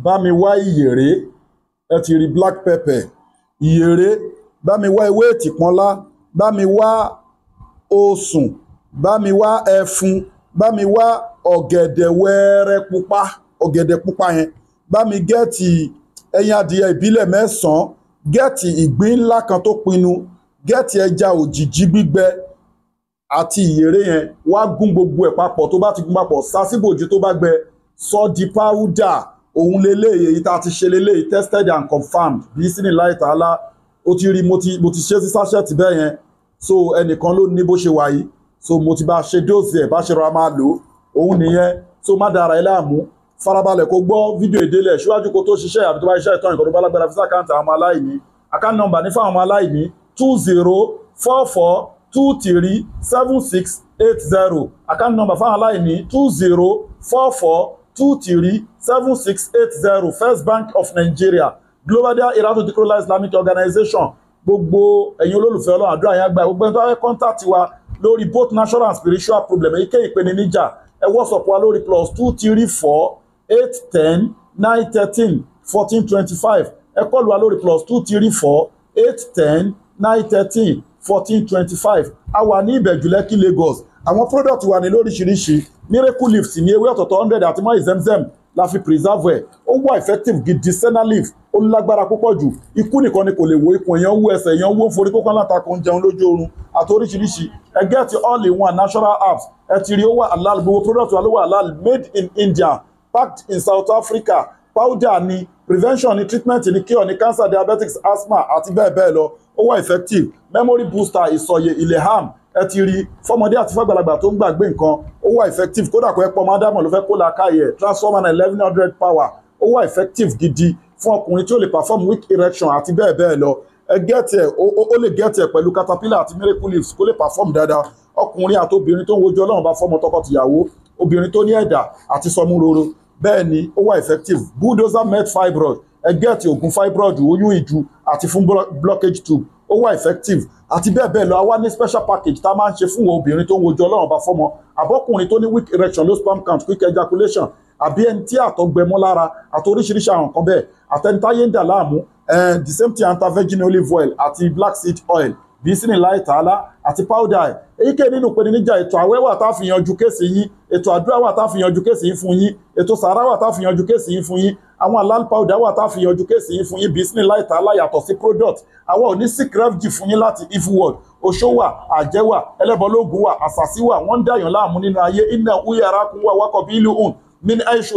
bá mi wá ìyèré ẹ ti rí black pepper ìyèré bá mi wá ewé ètìpọ́nlá bá mi wá osùn bá mi wá ẹfun bá mi wá ọ̀gẹ̀dẹ̀ wẹ́ẹ́rẹ́ pupa ọ̀gẹ̀dẹ̀ pupa yẹn bá mi gẹ́ẹ̀tì ẹyin adìyẹ ìbílẹ̀ mẹ́sàn-án gẹ́ẹ̀tì ìgbín ńlá kan tó pinnu gẹ́ẹ̀tì ẹja òjìjí gbígbẹ àti ìyèré yẹn wá gún gbogbo ẹ̀ papọ̀ tó bá ti gún papọ̀ sásìbòjú tó bá gbẹ sọ di páúdà òun leléyìí èyí tá a ti ṣe leléyìí tested and confirmed bí sínú láì tààlà ó ti rí mo ti mo ti ṣe sí sáṣẹ́ẹ̀tì bẹ́ẹ̀ yẹn so ẹnìkan ló ní bó ṣe wà yìí so mo ti bá ṣe dóòsì ẹ̀ bá ṣe rọra máa lò òun nìyẹn so má dára ẹ láàmú farabalẹ̀ kó gbọ́ fídíò ìdílẹ̀ síwájú kó tó ṣiṣẹ́ àbí tó bá iṣẹ́ ìtọ́ nǹkan tó bá lágbára fisa káńtà àwọn aláìní account number ní fáwọn aláìní two zero four four two three seven six eight zero account number fáwọn aláìní two zero four four two three seven six eight zero First Bank of Nigeria Global Dahiratu Dhikrlahi Islamic Organization gbogbo ẹ̀yin olólùfẹ́ ọlọ́run àdúrà yẹn àgbà gbogbo ẹni tó wáyé kọ́ńtàtì wa lórí both national and spiritual problem èyíkéyìí ìpèníjà ẹ WhatsApp wa lórí plus two three four eight ten nine thirteen fourteen twenty five ẹ kọ́lù wa lórí plus two three four eight ten nine thirteen fourteen twenty five a wà ní Ìbẹ̀jú Lẹ́kì Lagos àwọn product wà ní lóríṣiríṣi miracle leaf sì ní ewé ọ̀tọ̀ọ̀tọ̀ hundred àti mọ́ ìzẹ́mzẹ́m la fi preserve ẹ̀ ó wà effective gidi senna leaf ó lágbára púpọ̀ jù ikú nìkan ni kò lè wo ikùn èèyàn wú ẹsẹ̀ èèyàn wó forí kókó alátakùn jẹun lójú oorun àti oríṣiríṣi ẹ get all in one natural herbs ẹ ti rí ó wà halal gbogbo product wa ló made in India packed in South Africa powder ni prevention ni treatment ni cure ni cancer diabetes asthma àti bẹ́ẹ̀ bẹ́ẹ̀ lọ ó wà effective memory booster ìsọ̀yè ilẹ̀ harm ẹ ti rí fọmọdé àti fàgbàlagbà tó ń gbàgbé nǹkan ó wà effective kódà kó ẹ pọ ọmọ ádámọ̀ ló fẹ́ kó la káyẹ̀ transformer and eleven hundred power ó wà effective gidi fún ọkùnrin tí ó lè perform weak erection àti bẹ́ẹ̀ bẹ́ẹ̀ lọ ẹ gẹ́ẹ̀tì ẹ̀ ó lè gẹ́ẹ̀tì ẹ̀ pẹ̀lú caterpillar àti miracle leaves kó lè perform dáadáa ọkùnrin àti obìnrin tó ń wojú ọlọ́run bá fọ́mọ tọkọtìyàwó obìnrin tó ní ẹ̀dà àti sọmúroro bẹ́ẹ̀ ni ó effective bulldozer met fibroid ẹ gẹ́ẹ̀tì oògùn fibroid oyún ìju àti fún blockage tube ó wà effective àti bẹ́ẹ̀ bẹ́ẹ̀ lọ a wá ní special package tá a máa ń ṣe fún obìnrin tó ń wojú ọlọ́run bá fọ́mọ àbọ́kùnrin tó ní weak erection low sperm count quick ejaculation àbí ẹni tí àtọ̀gbẹmọ́ lára àti oríṣiríṣi àwọn nǹkan bẹ́ẹ̀ àtẹnitáyé ń dà láàmú eh, the same thing antavirgin olive oil àti black seed oil bísínì láì tààlà àti powder ẹ̀ èyíkéyìí nínú ìpèníjà ètò àwẹ̀ wà tá a fi yanjú kéèsì yín ètò àdúrà wà tá a fi yanjú kéèsì yín fún yín ètò sàárà wà tá a fi yanjú kéèsì yín fún yín àwọn alal powder wà tá a fi yanjú kéèsì yín fún yín bísínì láì tààlà yàtọ̀ sí product àwọn ò ní sick refugee fún yín láti evil world oṣó wà àjẹ́ wà ẹlẹ́bọlógún wà àṣàṣì wà wọ́n ń dàyàn láàmú nínú ayé iná uyàrá kún wà wákọ̀ bí ìlú hùn mí ni èṣù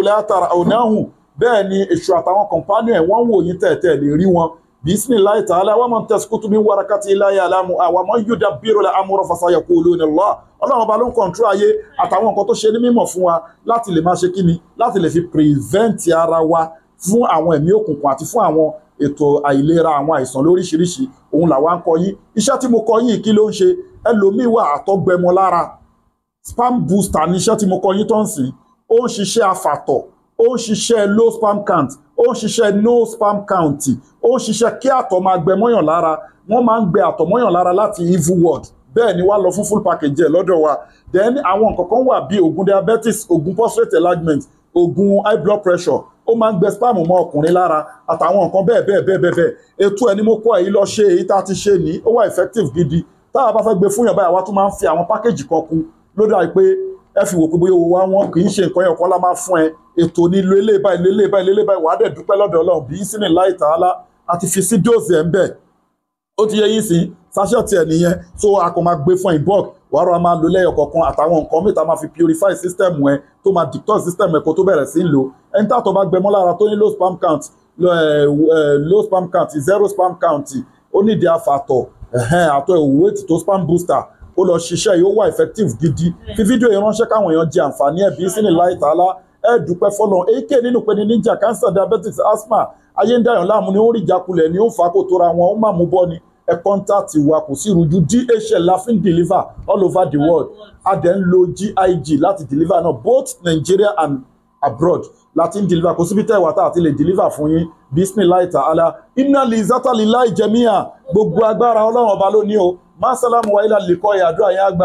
bisimilayi taala wa ma tasikutu min warakati ilayi alamu awa ma yuda biro la amúrò fasaya kúló ni lọ ọlọ́run ọba ló ń kọ̀ǹtú ayé àtàwọn nǹkan tó ṣe ní mímọ̀ fún wa láti lè máa ṣe kíni láti lè fi pírìvẹ́ǹtì ara wa fún àwọn ẹ̀mí òkùnkùn àti fún àwọn ètò àìlera àwọn àìsàn lóríṣiríṣi òun làwa ń kọ yín iṣẹ́ tí mo kọ yín kí ló ń ṣe ẹlòmíì wà àtọ́gbẹmọ spam booster ní iṣẹ́ tí mo kọ yín tó ń sìn ó ń ṣiṣẹ́ afàtọ̀ ó ń ṣiṣẹ́ low sperm count ó ń ṣiṣẹ́ no sperm count ó ń ṣiṣẹ́ kí àtọ̀ máa gbẹ mọ́yàn lára wọ́n máa ń gbẹ àtọ̀ mọ́yàn lára láti evil world bẹ́ẹ̀ ni wá lọ fún full package ẹ̀ lọ́dọ̀ wa then àwọn nǹkan kan wà bíi oògùn diabetes oògùn prostate enlargement oògùn high blood pressure ó máa ń gbẹ spam mọ́ ọkùnrin lára àtàwọn nǹkan bẹ́ẹ̀ bẹ́ẹ̀ bẹ́ẹ̀ bẹ́ẹ̀ bẹ́ẹ̀ ètò ẹni mo kọ́ èyí lọ ṣe èyí tá a ti ṣe ní ó wà effective gidi tá a bá fẹ́ gbé fún yàn báyìí àwa tún máa ń fi àwọn package kan kún lódà pé ẹ fi wò pé bóyá owó wa wọn kì í ṣe nǹkan yẹn kọ́ la máa fún ẹ ètò ní lo ilé báyìí lo ilé báyìí lo ilé báyìí wàá dẹ̀ dúpẹ́ lọ́dọ̀ Ọlọ́run bí sí ni láì tààlà àti fi sí dóòsì ẹ̀ ń bẹ̀ ó ti yẹ yín sí sáṣẹ́ tiẹ̀ nìyẹn tó a kò máa gbé fún in bulk wàá rọ a máa lo lẹ́yọ̀ kọ̀ọ̀kan àtàwọn nǹkan mìta máa fi purify system ẹ tó máa detox system ẹ kó tó bẹ̀rẹ̀ sí ń lò ẹni tá tó bá gbẹmọ́ lára tó ní low spam count low spam count zero spam count ó nídìí àfàtọ̀ àtọ̀ ìwé ètò spam booster ó lọ ṣiṣẹ́ yìí ó effective gidi fi fídíò yìí ránṣẹ́ káwọn èèyàn jẹ àǹfààní ẹ̀bí sínú láì tààlà ẹ dúpẹ́ fọlọ́ èyíkéyìí nínú pé ní níjà cancer diabetes asthma ayé ń dàyàn láàmú ni ó ń rí ìjákulẹ̀ ni ó ń fa kó tóra wọn ó má mú bọ́ ni ẹ kọ́ńtàtì wa kò sí ìrújú DHL la ń deliver all over the world a dẹ̀ ń lo GIG láti deliver náà both Nigeria and abroad láti ń deliver kò síbi tẹ́ àti lè deliver fún yín bisimilayi ta'ala iná lè zátàlí láì jẹmíà gbogbo agbára ọlọ́run ọba lónìí o má sálámù wa ilà lè kọ́ ìyàdúrà yẹn àgbà.